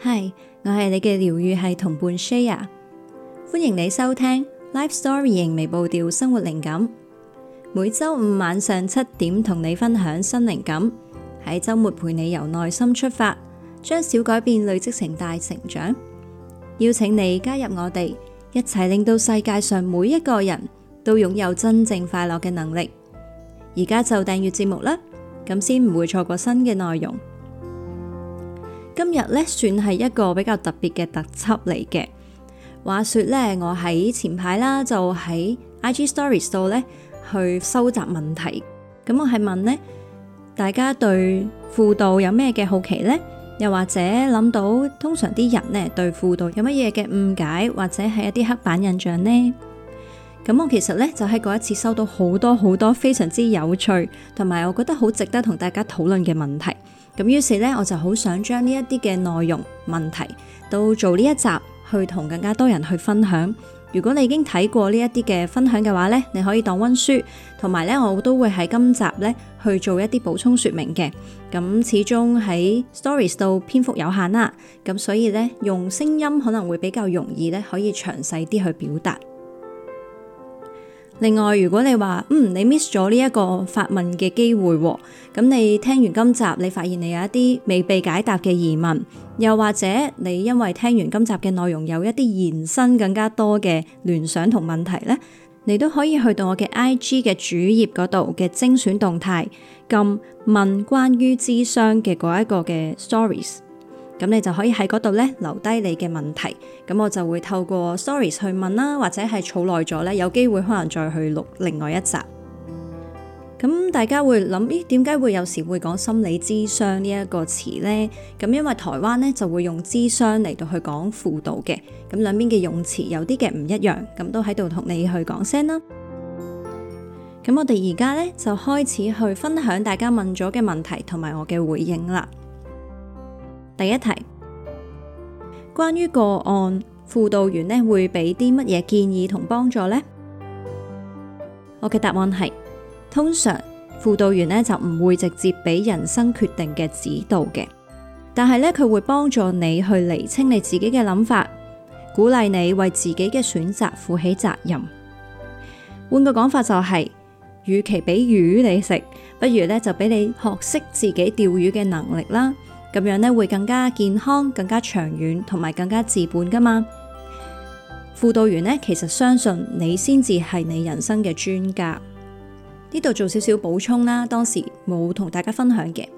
Hi，我係你嘅療癒系同伴 Shaya，歡迎你收聽 Life Story 輕微步調生活靈感，每周五晚上七點同你分享新靈感，喺周末陪你由內心出發，將小改變累積成大成長，邀請你加入我哋，一齊令到世界上每一個人都擁有真正快樂嘅能力。而家就訂閱節目啦，咁先唔會錯過新嘅內容。今日咧，算係一個比較特別嘅特輯嚟嘅。話說咧，我喺前排啦，就喺 IG Stories 度咧去收集問題。咁我係問呢，大家對輔導有咩嘅好奇呢？又或者諗到通常啲人呢對輔導有乜嘢嘅誤解，或者係一啲黑板印象呢？咁我其實咧就喺嗰一次收到好多好多非常之有趣，同埋我覺得好值得同大家討論嘅問題。咁於是咧，我就好想將呢一啲嘅內容問題都做呢一集去同更加多人去分享。如果你已經睇過呢一啲嘅分享嘅話咧，你可以當溫書。同埋咧，我都會喺今集咧去做一啲補充說明嘅。咁始終喺 Stories 度篇幅有限啦，咁所以咧用聲音可能會比較容易咧可以詳細啲去表達。另外，如果你話嗯，你 miss 咗呢一個發問嘅機會，咁你聽完今集，你發現你有一啲未被解答嘅疑問，又或者你因為聽完今集嘅內容，有一啲延伸更加多嘅聯想同問題咧，你都可以去到我嘅 IG 嘅主頁嗰度嘅精選動態，撳問關於諮商嘅嗰一個嘅 stories。咁你就可以喺嗰度咧留低你嘅問題，咁我就會透過 stories 去問啦，或者係儲耐咗咧，有機會可能再去錄另外一集。咁大家會諗咦，點解會有時會講心理諮商呢一個詞呢？咁因為台灣咧就會用諮商嚟到去講輔導嘅，咁兩邊嘅用詞有啲嘅唔一樣，咁都喺度同你去講聲啦。咁我哋而家咧就開始去分享大家問咗嘅問題同埋我嘅回應啦。第一題，關於個案輔導員咧，會俾啲乜嘢建議同幫助呢？我嘅答案係，通常輔導員咧就唔會直接俾人生決定嘅指導嘅，但係咧佢會幫助你去厘清你自己嘅諗法，鼓勵你為自己嘅選擇負起責任。換個講法就係，是，與其俾魚你食，不如咧就俾你學識自己釣魚嘅能力啦。咁樣咧會更加健康、更加長遠，同埋更加自本噶嘛。輔導員呢，其實相信你先至係你人生嘅專家。呢度做少少補充啦，當時冇同大家分享嘅。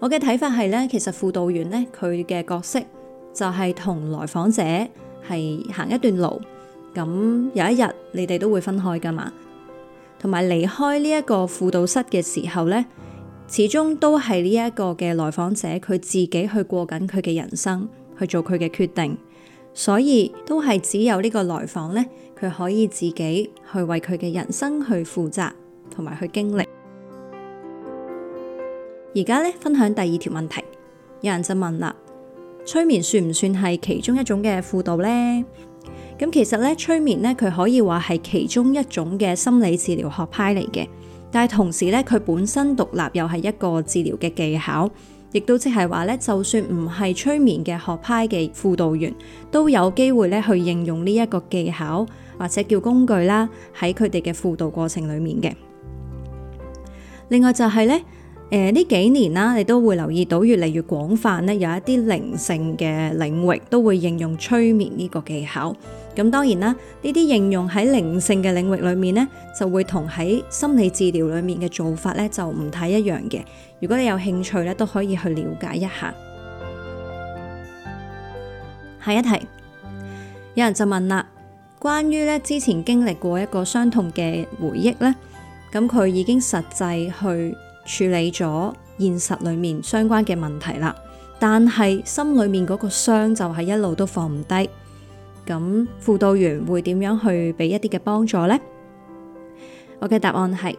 我嘅睇法係咧，其實輔導員呢，佢嘅角色就係同來訪者係行一段路，咁有一日你哋都會分開噶嘛。同埋離開呢一個輔導室嘅時候咧，始終都係呢一個嘅來訪者，佢自己去過緊佢嘅人生，去做佢嘅決定，所以都係只有呢個來訪咧，佢可以自己去為佢嘅人生去負責，同埋去經歷。而家咧，分享第二條問題，有人就問啦：催眠算唔算係其中一種嘅輔導咧？咁其實咧，催眠咧，佢可以話係其中一種嘅心理治療學派嚟嘅。但係同時咧，佢本身獨立又係一個治療嘅技巧，亦都即係話咧，就算唔係催眠嘅學派嘅輔導員，都有機會咧去應用呢一個技巧或者叫工具啦，喺佢哋嘅輔導過程裏面嘅。另外就係咧。誒，呢幾年啦，你都會留意到越嚟越廣泛咧，有一啲靈性嘅領域都會應用催眠呢個技巧。咁當然啦，呢啲應用喺靈性嘅領域裏面呢，就會同喺心理治療裏面嘅做法呢就唔太一樣嘅。如果你有興趣呢，都可以去了解一下。下一題，有人就問啦，關於呢之前經歷過一個傷痛嘅回憶呢，咁佢已經實際去。處理咗現實裏面相關嘅問題啦，但係心裏面嗰個傷就係一路都放唔低。咁，輔導員會點樣去俾一啲嘅幫助呢？我嘅答案係，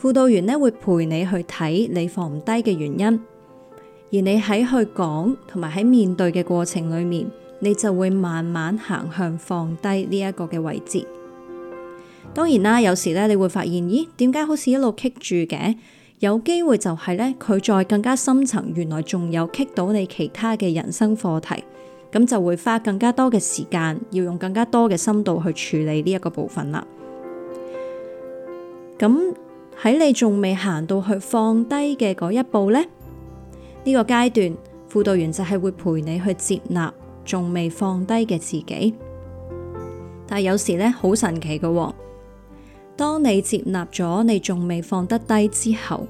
輔導員咧會陪你去睇你放唔低嘅原因，而你喺去講同埋喺面對嘅過程裏面，你就會慢慢行向放低呢一個嘅位置。當然啦，有時咧你會發現，咦，點解好似一路棘住嘅？有機會就係咧，佢再更加深層，原來仲有棘到你其他嘅人生課題，咁就會花更加多嘅時間，要用更加多嘅深度去處理呢一個部分啦。咁喺你仲未行到去放低嘅嗰一步呢，呢個階段，輔導員就係會陪你去接納仲未放低嘅自己。但係有時咧，好神奇㗎喎。當你接納咗你仲未放得低之後，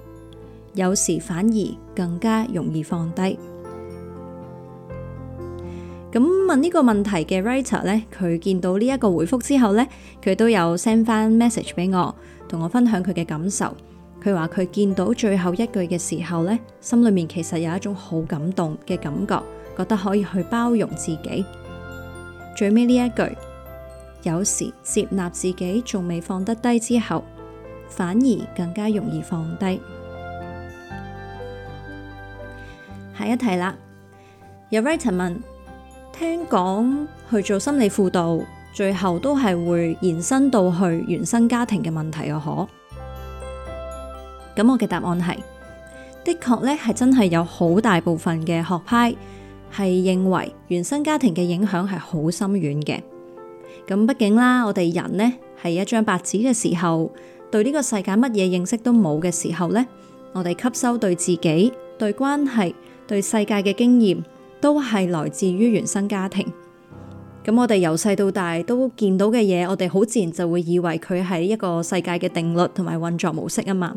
有時反而更加容易放低。咁問呢個問題嘅 writer 呢，佢見到呢一個回覆之後呢，佢都有 send 翻 message 俾我，同我分享佢嘅感受。佢話佢見到最後一句嘅時候呢，心裏面其實有一種好感動嘅感覺，覺得可以去包容自己。最尾呢一句。有時接納自己仲未放得低之後，反而更加容易放低。下一題啦，有 writer 問：聽講去做心理輔導，最後都係會延伸到去原生家庭嘅問題嘅，可？咁我嘅答案係的確呢係真係有好大部分嘅學派係認為原生家庭嘅影響係好深遠嘅。咁畢竟啦，我哋人呢係一張白紙嘅時候，對呢個世界乜嘢認識都冇嘅時候呢，我哋吸收對自己、對關係、對世界嘅經驗，都係來自於原生家庭。咁我哋由細到大都見到嘅嘢，我哋好自然就會以為佢係一個世界嘅定律同埋運作模式啊嘛。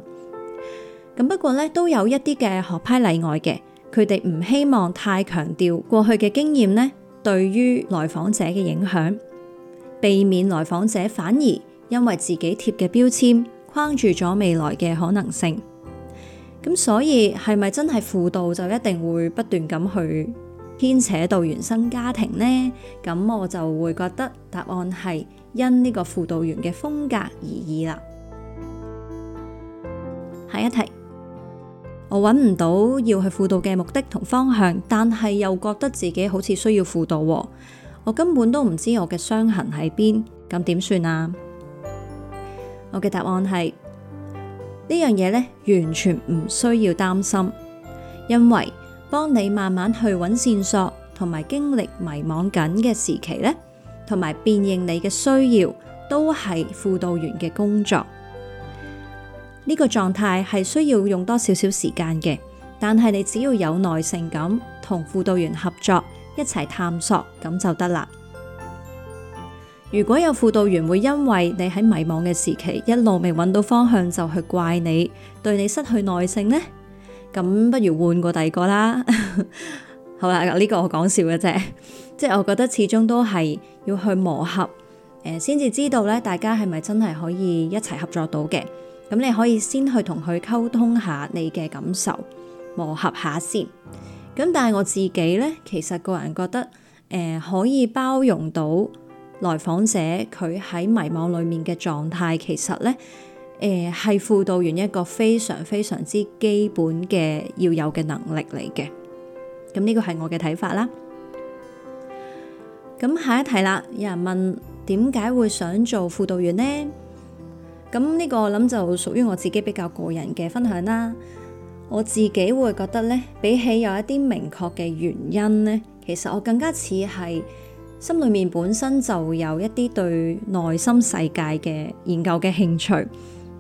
咁不過呢，都有一啲嘅學派例外嘅，佢哋唔希望太強調過去嘅經驗呢，對於來訪者嘅影響。避免來訪者反而因為自己貼嘅標籤框住咗未來嘅可能性。咁所以係咪真係輔導就一定會不斷咁去牽扯到原生家庭呢？咁我就會覺得答案係因呢個輔導員嘅風格而異啦。下一題，我揾唔到要去輔導嘅目的同方向，但係又覺得自己好似需要輔導。我根本都唔知我嘅傷痕喺邊，咁點算啊？我嘅答案係呢樣嘢咧，完全唔需要擔心，因為幫你慢慢去揾線索，同埋經歷迷茫緊嘅時期咧，同埋辨認你嘅需要，都係輔導員嘅工作。呢個狀態係需要用多少少時間嘅，但係你只要有耐性咁同輔導員合作。一齊探索咁就得啦。如果有輔導員會因為你喺迷茫嘅時期，一路未揾到方向就去怪你，對你失去耐性呢？咁不如換過第二個啦。 好啦，呢、這個我講笑嘅啫，即 係我覺得始終都係要去磨合，誒、呃，先至知道咧，大家係咪真係可以一齊合作到嘅？咁你可以先去同佢溝通下你嘅感受，磨合下先。咁但係我自己咧，其實個人覺得，誒、呃、可以包容到來訪者佢喺迷惘裏面嘅狀態，其實咧，誒、呃、係輔導員一個非常非常之基本嘅要有嘅能力嚟嘅。咁、這、呢個係我嘅睇法啦。咁下一題啦，有人問點解會想做輔導員呢？咁、這、呢個我諗就屬於我自己比較個人嘅分享啦。我自己會覺得咧，比起有一啲明確嘅原因咧，其實我更加似係心裏面本身就有一啲對內心世界嘅研究嘅興趣，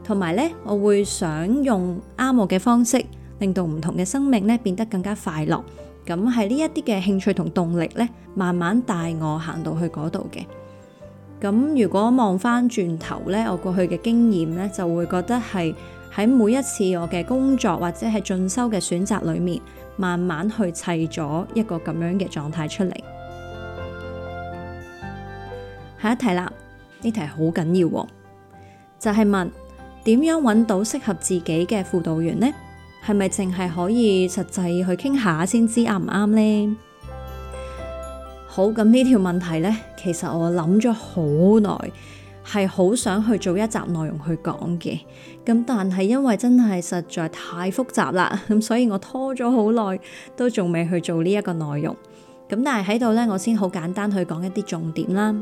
同埋咧，我會想用啱我嘅方式，令到唔同嘅生命咧，變得更加快樂。咁係呢一啲嘅興趣同動力咧，慢慢帶我行到去嗰度嘅。咁如果望返轉頭咧，我過去嘅經驗咧，就會覺得係。喺每一次我嘅工作或者係進修嘅選擇裏面，慢慢去砌咗一個咁樣嘅狀態出嚟。下一題啦，呢題好緊要喎，就係問點樣揾到適合自己嘅輔導員呢？係咪淨係可以實際去傾下先知啱唔啱呢？好，咁呢條問題呢，其實我諗咗好耐。係好想去做一集內容去講嘅，咁但係因為真係實在太複雜啦，咁所以我拖咗好耐，都仲未去做呢一個內容。咁但係喺度呢，我先好簡單去講一啲重點啦。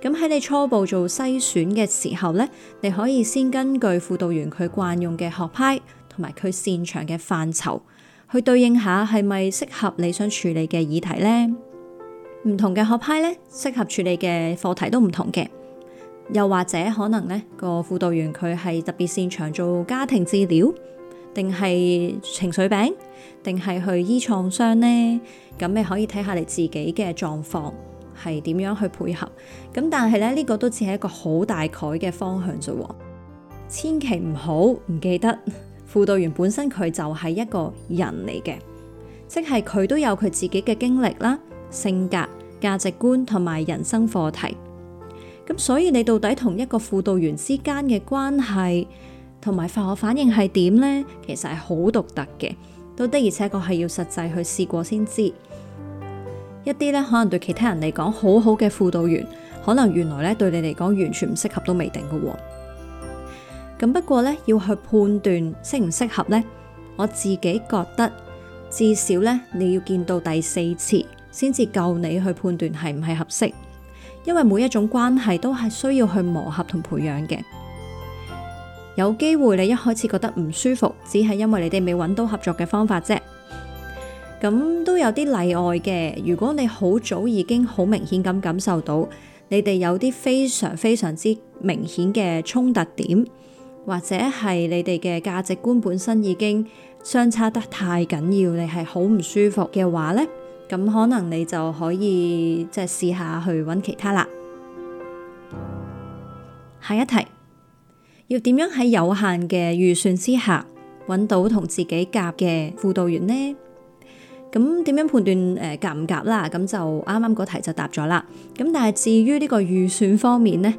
咁喺你初步做篩選嘅時候呢，你可以先根據輔導員佢慣用嘅學派同埋佢擅長嘅範疇，去對應下係咪適合你想處理嘅議題呢？唔同嘅學派呢，適合處理嘅課題都唔同嘅。又或者可能呢個輔導員佢係特別擅長做家庭治療，定係情緒病，定係去醫創傷呢？咁你可以睇下你自己嘅狀況係點樣去配合。咁但係咧，呢個都只係一個好大概嘅方向啫。千祈唔好唔記得，輔導員本身佢就係一個人嚟嘅，即係佢都有佢自己嘅經歷啦、性格、價值觀同埋人生課題。咁所以你到底同一個輔導員之間嘅關係同埋化學反應係點呢？其實係好獨特嘅，都的而且確係要實際去試過先知。一啲呢，可能對其他人嚟講好好嘅輔導員，可能原來呢對你嚟講完全唔適合都未定㗎喎。咁不過呢，要去判斷適唔適合呢，我自己覺得至少呢，你要見到第四次先至夠你去判斷係唔係合適。因為每一種關係都係需要去磨合同培養嘅，有機會你一開始覺得唔舒服，只係因為你哋未揾到合作嘅方法啫。咁都有啲例外嘅，如果你好早已經好明顯咁感受到你哋有啲非常非常之明顯嘅衝突點，或者係你哋嘅價值觀本身已經相差得太緊要，你係好唔舒服嘅話呢。咁可能你就可以即係試下去揾其他啦。下一題，要點樣喺有限嘅預算之下揾到同自己夾嘅輔導員呢？咁點樣判斷誒夾唔夾啦？咁就啱啱嗰題就答咗啦。咁但係至於呢個預算方面呢，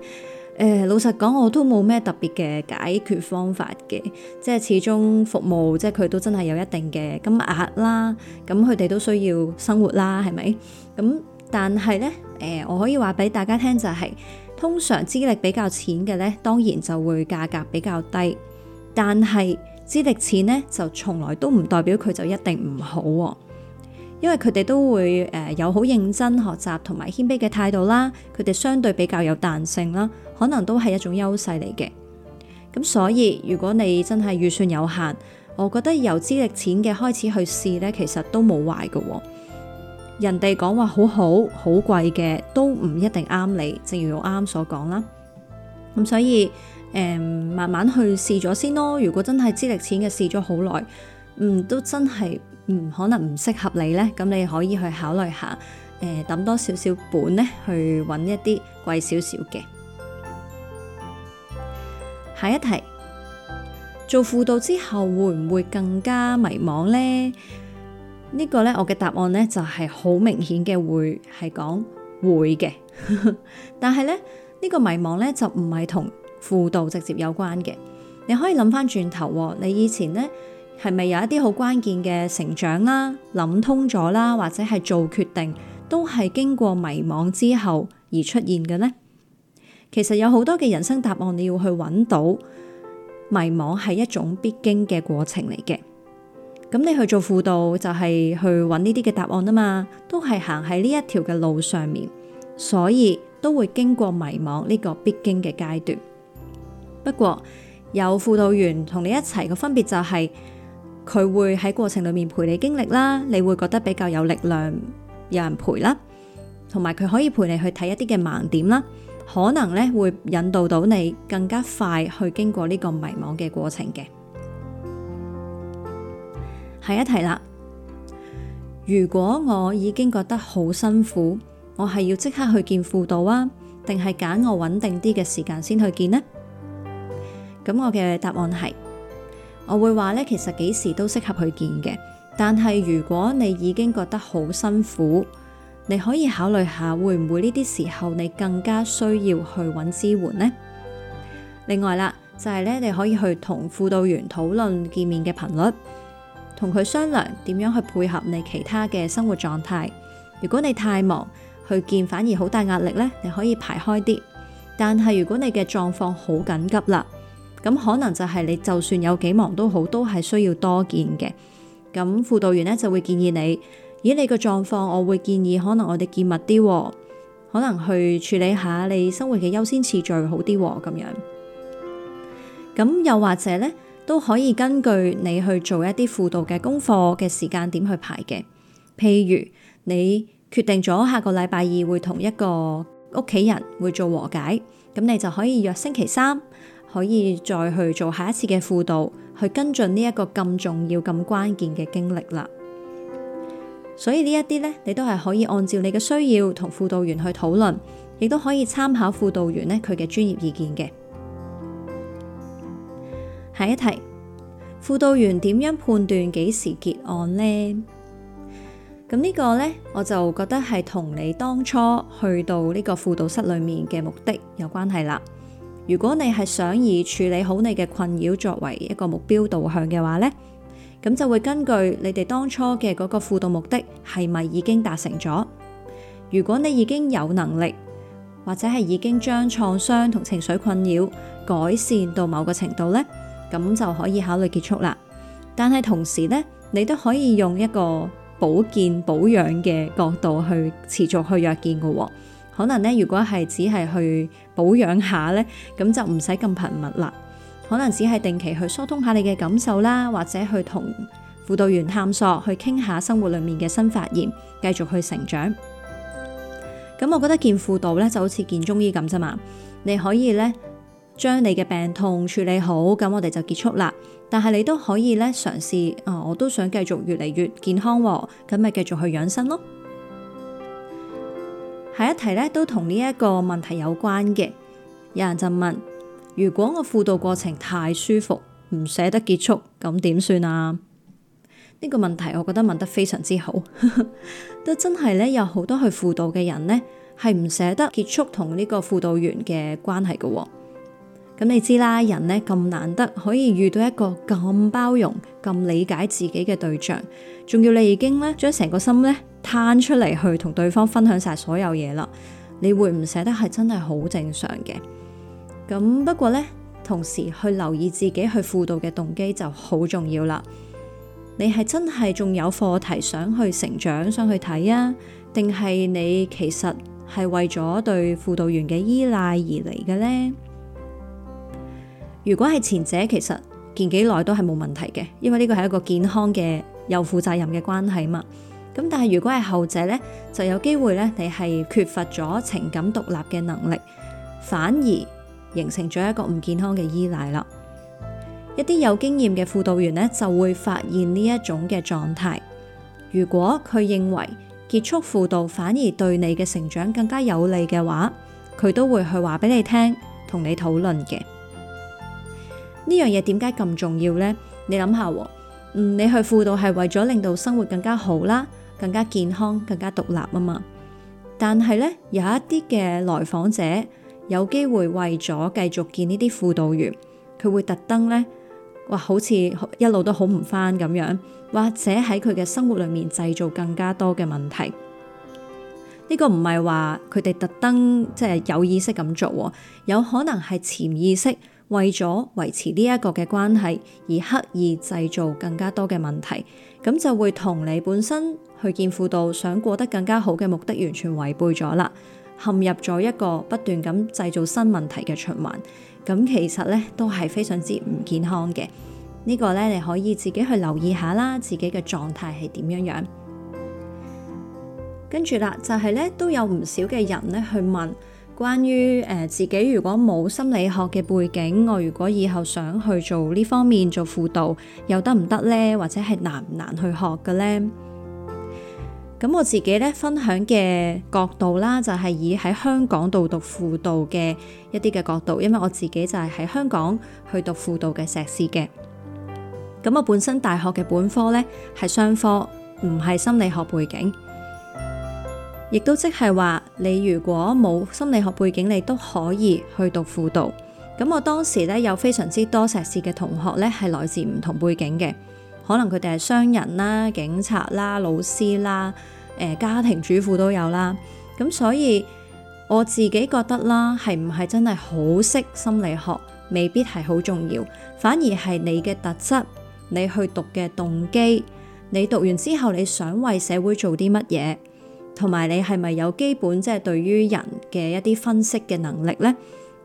誒、呃，老實講，我都冇咩特別嘅解決方法嘅，即係始終服務，即係佢都真係有一定嘅金額啦，咁佢哋都需要生活啦，係咪？咁、嗯、但係咧，誒、呃，我可以話俾大家聽就係、是，通常資歷比較淺嘅咧，當然就會價格比較低，但係資歷淺咧就從來都唔代表佢就一定唔好喎、哦。因為佢哋都會誒、呃、有好認真學習同埋謙卑嘅態度啦，佢哋相對比較有彈性啦，可能都係一種優勢嚟嘅。咁所以如果你真係預算有限，我覺得由資歷淺嘅開始去試呢，其實都冇壞嘅。人哋講話好好好貴嘅，都唔一定啱你。正如我啱啱所講啦。咁所以誒、呃、慢慢去試咗先咯。如果真係資歷淺嘅試咗好耐，嗯都真係。唔可能唔適合你呢。咁你可以去考慮下，誒、呃、抌多少少本呢，去揾一啲貴少少嘅。下一題，做輔導之後會唔會更加迷茫呢？呢、這個呢，我嘅答案呢就係、是、好明顯嘅，會係講會嘅。 但係呢，呢、這個迷茫呢就唔係同輔導直接有關嘅。你可以諗翻轉頭，你以前呢。係咪有一啲好關鍵嘅成長啦、諗通咗啦，或者係做決定，都係經過迷茫之後而出現嘅呢？其實有好多嘅人生答案你要去揾到，迷茫係一種必經嘅過程嚟嘅。咁你去做輔導就係去揾呢啲嘅答案啊嘛，都係行喺呢一條嘅路上面，所以都會經過迷茫呢個必經嘅階段。不過，有輔導員同你一齊嘅分別就係、是。佢會喺過程裏面陪你經歷啦，你會覺得比較有力量，有人陪啦，同埋佢可以陪你去睇一啲嘅盲點啦，可能咧會引導到你更加快去經過呢個迷茫嘅過程嘅。下一題啦，如果我已經覺得好辛苦，我係要即刻去見輔導啊，定係揀我穩定啲嘅時間先去見呢？咁我嘅答案係。我會話咧，其實幾時都適合去見嘅。但係如果你已經覺得好辛苦，你可以考慮下會唔會呢啲時候你更加需要去揾支援呢？另外啦，就係咧，你可以去同輔導員討論見面嘅頻率，同佢商量點樣去配合你其他嘅生活狀態。如果你太忙，去見反而好大壓力咧，你可以排開啲。但係如果你嘅狀況好緊急啦。咁可能就係你就算有幾忙都好，都係需要多見嘅。咁，輔導員呢就會建議你，以你嘅狀況，我會建議可能我哋見密啲喎，可能去處理下你生活嘅優先次序好啲喎，咁樣。咁又或者呢，都可以根據你去做一啲輔導嘅功課嘅時間點去排嘅。譬如你決定咗下個禮拜二會同一個屋企人會做和解，咁你就可以約星期三。可以再去做下一次嘅輔導，去跟進呢一個咁重要、咁關鍵嘅經歷啦。所以呢一啲呢，你都係可以按照你嘅需要同輔導員去討論，亦都可以參考輔導員呢佢嘅專業意見嘅。下一題，輔導員點樣判斷幾時結案呢？咁呢個呢，我就覺得係同你當初去到呢個輔導室裏面嘅目的有關係啦。如果你係想以處理好你嘅困擾作為一個目標導向嘅話呢，咁就會根據你哋當初嘅嗰個輔導目的，係咪已經達成咗？如果你已經有能力，或者係已經將創傷同情緒困擾改善到某個程度呢，咁就可以考慮結束啦。但係同時呢，你都可以用一個保健保養嘅角度去持續去約見噶、哦。可能咧，如果係只係去保養下咧，咁就唔使咁頻密啦。可能只係定期去疏通下你嘅感受啦，或者去同輔導員探索，去傾下生活裏面嘅新發現，繼續去成長。咁我覺得見輔導咧就好似見中醫咁啫嘛。你可以咧將你嘅病痛處理好，咁我哋就結束啦。但係你都可以咧嘗試啊，我都想繼續越嚟越健康，咁咪繼續去養生咯。下一題咧都同呢一個問題有關嘅，有人就問：如果我輔導過程太舒服，唔捨得結束，咁點算啊？呢個問題我覺得問得非常之好， 都真係咧有好多去輔導嘅人咧係唔捨得結束同呢個輔導員嘅關係噶喎。咁你知啦，人咧咁難得可以遇到一個咁包容、咁理解自己嘅對象，仲要你已經咧將成個心咧。攤出嚟，去同對方分享晒所有嘢啦，你會唔捨得係真係好正常嘅。咁不過呢，同時去留意自己去輔導嘅動機就好重要啦。你係真係仲有課題想去成長，想去睇啊？定係你其實係為咗對輔導員嘅依賴而嚟嘅呢？如果係前者，其實見幾耐都係冇問題嘅，因為呢個係一個健康嘅又負責任嘅關係嘛。咁但係如果係後者呢，就有機會呢，你係缺乏咗情感獨立嘅能力，反而形成咗一個唔健康嘅依賴啦。一啲有經驗嘅輔導員呢，就會發現呢一種嘅狀態。如果佢認為結束輔導反而對你嘅成長更加有利嘅話，佢都會去話俾你聽，同你討論嘅。呢樣嘢點解咁重要呢？你諗下，嗯，你去輔導係為咗令到生活更加好啦。更加健康、更加獨立啊嘛！但係咧，有一啲嘅來訪者有機會為咗繼續見呢啲輔導員，佢會特登呢，話好似一路都好唔返咁樣，或者喺佢嘅生活裏面製造更加多嘅問題。呢、呢個唔係話佢哋特登即係有意識咁做，哦，有可能係潛意識為咗維持呢一個嘅關係而刻意製造更加多嘅問題。咁就會同你本身去見輔導想過得更加好嘅目的完全違背咗啦，陷入咗一個不斷咁製造新問題嘅循環。咁其實呢都係非常之唔健康嘅。呢、呢個呢，你可以自己去留意下啦，自己嘅狀態係點樣樣。跟住啦，就係呢都有唔少嘅人呢去問。關於誒、呃、自己如果冇心理學嘅背景，我如果以後想去做呢方面做輔導，又得唔得呢？或者係難唔難去學嘅呢？咁我自己咧，分享嘅角度啦，就係、是、以喺香港度讀輔導嘅一啲嘅角度，因為我自己就係喺香港去讀輔導嘅碩士嘅。咁我本身大學嘅本科咧係商科，唔係心理學背景。亦都即係話，你如果冇心理學背景，你都可以去讀輔導。咁我當時咧有非常之多碩士嘅同學咧，係來自唔同背景嘅，可能佢哋係商人啦、警察啦、老師啦、誒、呃、家庭主婦都有啦。咁所以我自己覺得啦，係唔係真係好識心理學，未必係好重要，反而係你嘅特質，你去讀嘅動機，你讀完之後你想為社會做啲乜嘢。同埋你係咪有基本即係、就是、對於人嘅一啲分析嘅能力呢？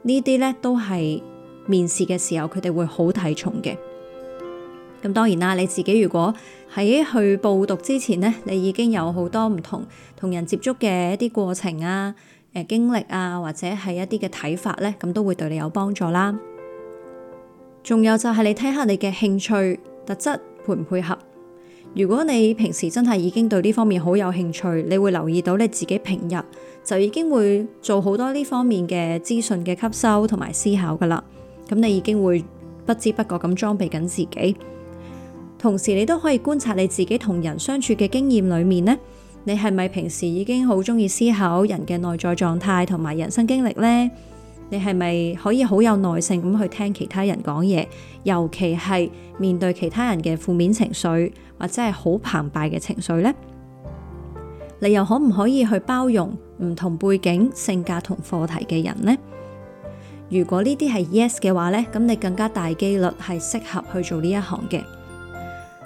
呢啲呢都係面試嘅時候佢哋會好睇重嘅。咁當然啦，你自己如果喺去報讀之前呢，你已經有好多唔同同人接觸嘅一啲過程啊、誒、呃、經歷啊，或者係一啲嘅睇法呢，咁都會對你有幫助啦。仲有就係你睇下你嘅興趣特質配唔配合。如果你平時真係已經對呢方面好有興趣，你會留意到你自己平日就已經會做好多呢方面嘅資訊嘅吸收同埋思考噶啦。咁你已經會不知不覺咁裝備緊自己，同時你都可以觀察你自己同人相處嘅經驗裏面呢，你係咪平時已經好中意思考人嘅內在狀態同埋人生經歷呢？你係咪可以好有耐性咁去聽其他人講嘢？尤其係面對其他人嘅負面情緒或者係好澎湃嘅情緒呢？你又可唔可以去包容唔同背景、性格同課題嘅人呢？如果呢啲係 yes 嘅話呢，咁你更加大幾率係適合去做呢一行嘅。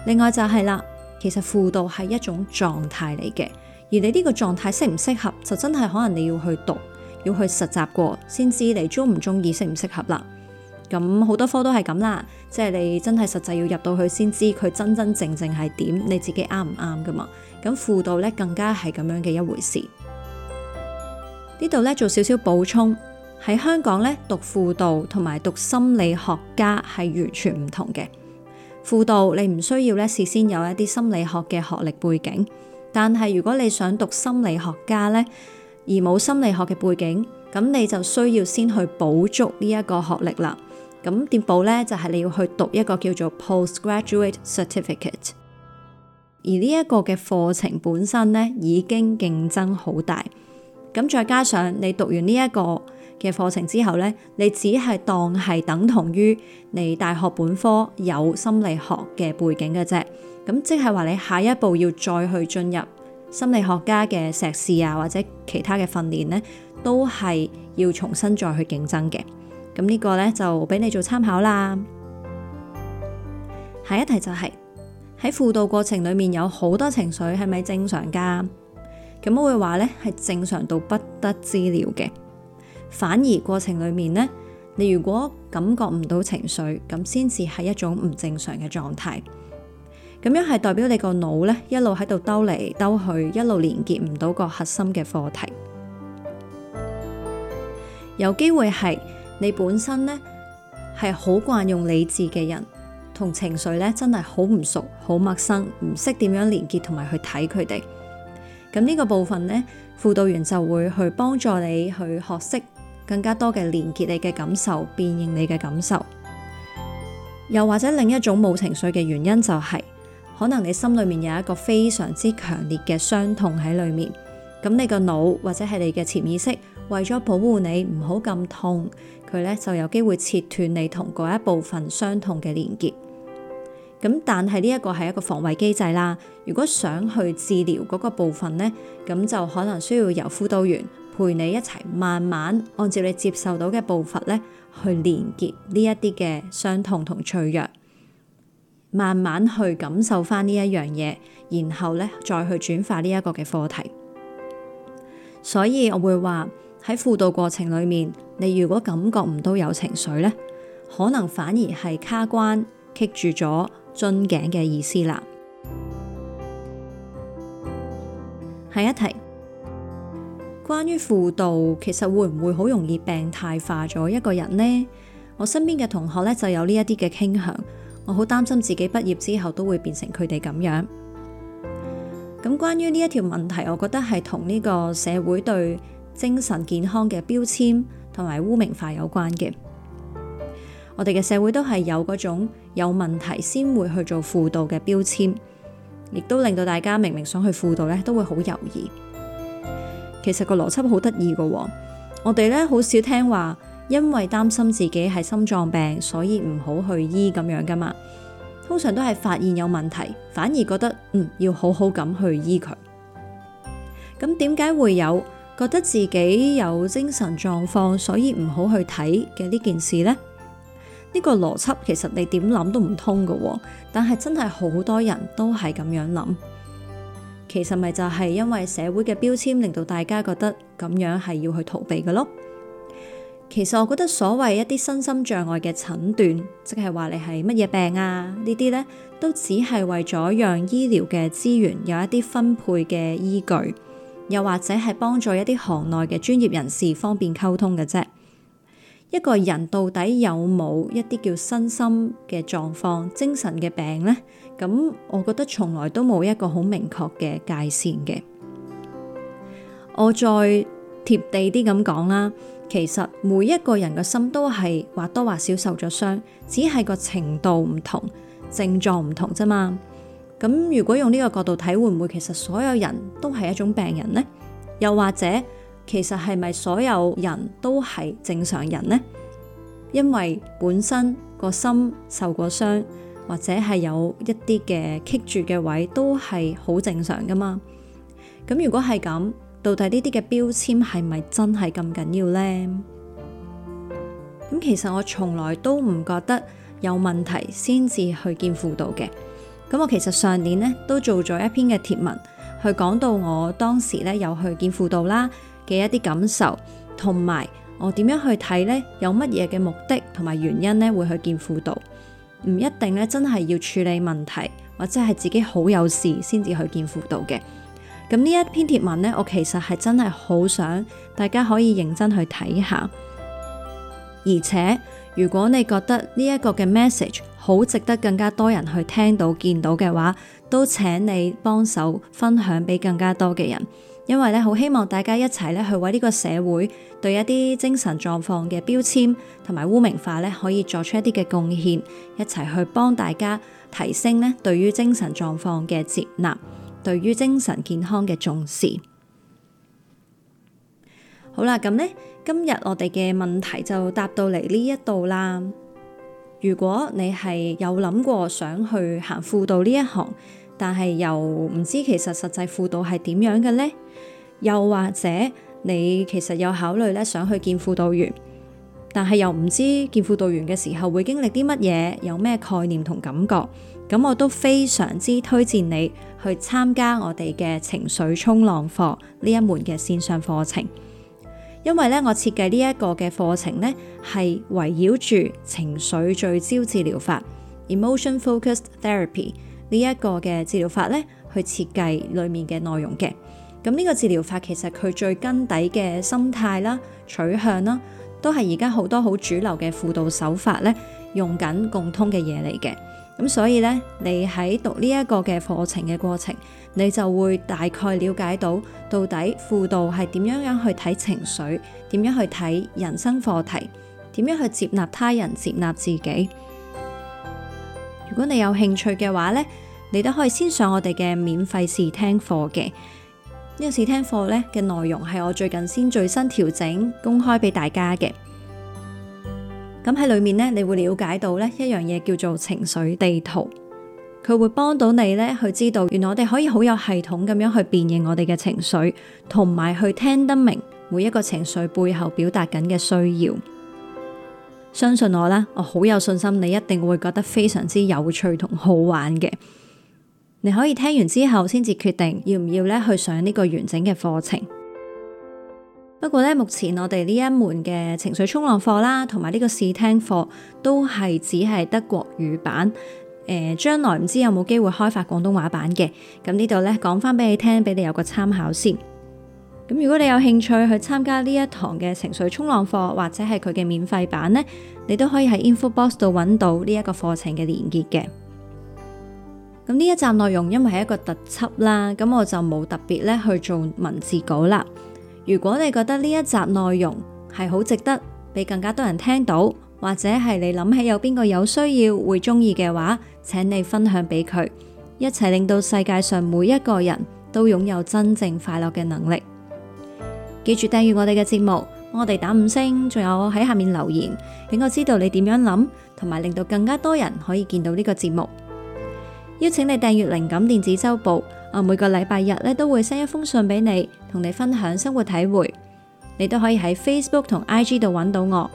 另外就係啦，其實輔導係一種狀態嚟嘅，而你呢個狀態適唔適合，就真係可能你要去讀。要去實習過先知你鍾唔鍾意，適唔適合啦。咁好多科都係咁啦，即係你真係實際要入到去先知佢真真正正係點，你自己啱唔啱㗎嘛？咁輔導呢，更加係咁樣嘅一回事。呢度呢，做少少補充，喺香港呢，讀輔導同埋讀心理學家係完全唔同嘅。輔導你唔需要呢事先有一啲心理學嘅學歷背景，但係如果你想讀心理學家呢。而冇心理學嘅背景，咁你就需要先去補足呢一個學歷啦。咁點補呢，就係你要去讀一個叫做 Postgraduate Certificate。而呢一個嘅課程本身呢，已經競爭好大，咁再加上你讀完呢一個嘅課程之後呢，你只係當係等同於你大學本科有心理學嘅背景嘅啫。咁即係話你下一步要再去進入。心理學家嘅碩士啊，或者其他嘅訓練呢，都係要重新再去競爭嘅。咁呢個呢，就俾你做參考啦。下一題就係喺輔導過程裏面有好多情緒，係咪正常噶？咁我會話呢，係正常到不得之了嘅，反而過程裏面呢，你如果感覺唔到情緒，咁先至係一種唔正常嘅狀態。咁樣係代表你個腦咧，一路喺度兜嚟兜去，一路連結唔到個核心嘅課題。有機會係你本身咧，係好慣用理智嘅人，同情緒咧真係好唔熟，好陌生，唔識點樣連結同埋去睇佢哋。咁呢個部分呢，輔導員就會去幫助你去學識更加多嘅連結你嘅感受，辨認你嘅感受。又或者另一種冇情緒嘅原因就係、是。可能你心裏面有一個非常之強烈嘅傷痛喺裏面，咁你個腦或者係你嘅潛意識為咗保護你唔好咁痛，佢咧就有機會切斷你同嗰一部分傷痛嘅連結。咁但係呢一個係一個防衛機制啦。如果想去治療嗰個部分咧，咁就可能需要由輔導員陪你一齊慢慢按照你接受到嘅步伐咧去連結呢一啲嘅傷痛同脆弱。慢慢去感受翻呢一樣嘢，然後咧再去轉化呢一個嘅課題。所以我會話喺輔導過程裏面，你如果感覺唔到有情緒咧，可能反而係卡關，棘住咗樽頸嘅意思啦。下一題，關於輔導，其實會唔會好容易病態化咗一個人呢？我身邊嘅同學咧就有呢一啲嘅傾向。我好擔心自己畢業之後都會變成佢哋咁樣。咁關於呢一條問題，我覺得係同呢個社會對精神健康嘅標籤同埋污名化有關嘅。我哋嘅社會都係有嗰種有問題先會去做輔導嘅標籤，亦都令到大家明明想去輔導呢，都會好猶豫。其實個邏輯好得意㗎喎，我哋呢好少聽話。因為擔心自己係心臟病，所以唔好去醫咁樣噶嘛。通常都係發現有問題，反而覺得嗯要好好咁去醫佢。咁點解會有覺得自己有精神狀況，所以唔好去睇嘅呢件事呢？呢個邏輯其實你點諗都唔通噶，但係真係好多人都係咁樣諗。其實咪就係因為社會嘅標籤，令到大家覺得咁樣係要去逃避噶咯。其實我覺得所謂一啲身心障礙嘅診斷，即係話你係乜嘢病啊？呢啲咧都只係為咗讓醫療嘅資源有一啲分配嘅依據，又或者係幫助一啲行內嘅專業人士方便溝通嘅啫。一個人到底有冇一啲叫身心嘅狀況、精神嘅病咧？咁我覺得從來都冇一個好明確嘅界綫嘅。我再貼地啲咁講啦。其實每一個人嘅心都係或多或少受咗傷，只係個程度唔同，症狀唔同啫嘛。咁如果用呢個角度睇，會唔會其實所有人都係一種病人呢？又或者，其實係咪所有人都係正常人呢？因為本身個心受過傷，或者係有一啲嘅棘住嘅位，都係好正常㗎嘛。咁如果係咁。到底呢啲嘅標籤係咪真係咁緊要呢？咁其實我從來都唔覺得有問題先至去見輔導嘅。咁我其實上年呢都做咗一篇嘅貼文，去講到我當時咧有去見輔導啦嘅一啲感受，同埋我點樣去睇呢有乜嘢嘅目的同埋原因呢會去見輔導，唔一定咧真係要處理問題，或者係自己好有事先至去見輔導嘅。咁呢一篇貼文呢，我其實係真係好想大家可以認真去睇下，而且如果你覺得呢一個嘅 message 好值得更加多人去聽到見到嘅話，都請你幫手分享俾更加多嘅人，因為咧好希望大家一齊咧去為呢個社會對一啲精神狀況嘅標籤同埋污名化咧可以作出一啲嘅貢獻，一齊去幫大家提升呢對於精神狀況嘅接納。對於精神健康嘅重視。好啦，咁呢，今日我哋嘅問題就答到嚟呢一度啦。如果你係有諗過想去行輔導呢一行，但係又唔知其實實際輔導係點樣嘅呢？又或者你其實有考慮咧想去見輔導員，但係又唔知見輔導員嘅時候會經歷啲乜嘢，有咩概念同感覺？咁我都非常之推薦你去參加我哋嘅情緒沖浪課呢一門嘅線上課程，因為呢，我設計呢一個嘅課程呢，係圍繞住情緒聚焦治療法 （Emotion-Focused Therapy） 呢一個嘅治療法呢，去設計裡面嘅內容嘅。咁呢個治療法其實佢最根底嘅心態啦、取向啦，都係而家好多好主流嘅輔導手法呢，用緊共通嘅嘢嚟嘅，咁所以呢，你喺讀呢一個嘅課程嘅過程，你就會大概了解到到底輔導係點樣樣去睇情緒，點樣去睇人生課題，點樣去接納他人，接納自己。如果你有興趣嘅話呢，你都可以先上我哋嘅免費試聽課嘅。呢、呢個試聽課呢嘅內容係我最近先最新調整公開俾大家嘅。咁喺裏面呢，你會了解到呢一樣嘢叫做情緒地圖，佢會幫到你呢去知道，原來我哋可以好有系統咁樣去辨認我哋嘅情緒，同埋去聽得明每一個情緒背後表達緊嘅需要。相信我啦，我好有信心，你一定會覺得非常之有趣同好玩嘅。你可以聽完之後先至決定要唔要呢去上呢個完整嘅課程。不過咧，目前我哋呢一門嘅情緒衝浪課啦，同埋呢個試聽課都係只係得國語版。誒、呃，將來唔知有冇機會開發廣東話版嘅。咁呢度咧，講翻俾你聽，俾你有個參考先。咁如果你有興趣去參加呢一堂嘅情緒衝浪課，或者係佢嘅免費版呢，你都可以喺 info box 度揾到呢一個課程嘅連結嘅。咁呢一集內容因為係一個特輯啦，咁我就冇特別咧去做文字稿啦。如果你覺得呢一集內容係好值得俾更加多人聽到，或者係你諗起有邊個有需要會中意嘅話，請你分享俾佢，一齊令到世界上每一個人都擁有真正快樂嘅能力。記住訂閱我哋嘅節目，我哋打五星，仲有我喺下面留言，令我知道你點樣諗，同埋令到更加多人可以見到呢個節目。邀請你訂閱靈感電子周報。我每個禮拜日咧都會 send 一封信俾你，同你分享生活體會。你都可以喺 Facebook 同 IG 度揾到我。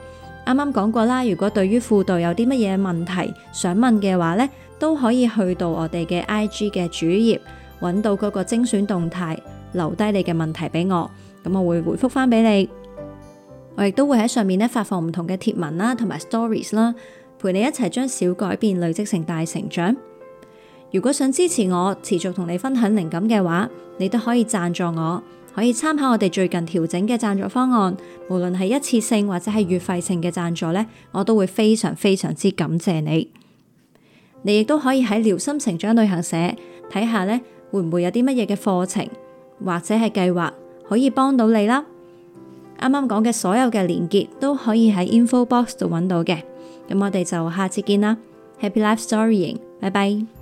啱啱講過啦，如果對於輔導有啲乜嘢問題想問嘅話咧，都可以去到我哋嘅 IG 嘅主頁揾到嗰個精選動態，留低你嘅問題俾我，咁我會回覆翻俾你。我亦都會喺上面咧發放唔同嘅貼文啦，同埋 Stories 啦，陪你一齊將小改變累積成大成長。如果想支持我，持續同你分享靈感嘅話，你都可以贊助我。可以參考我哋最近調整嘅贊助方案，無論係一次性或者係月費性嘅贊助呢，我都會非常非常之感謝你。你亦都可以喺療心成長旅行社睇下呢會唔會有啲乜嘢嘅課程或者係計劃可以幫到你啦。啱啱講嘅所有嘅連結都可以喺 info box 度揾到嘅。咁我哋就下次見啦。Happy Life Storying，拜拜。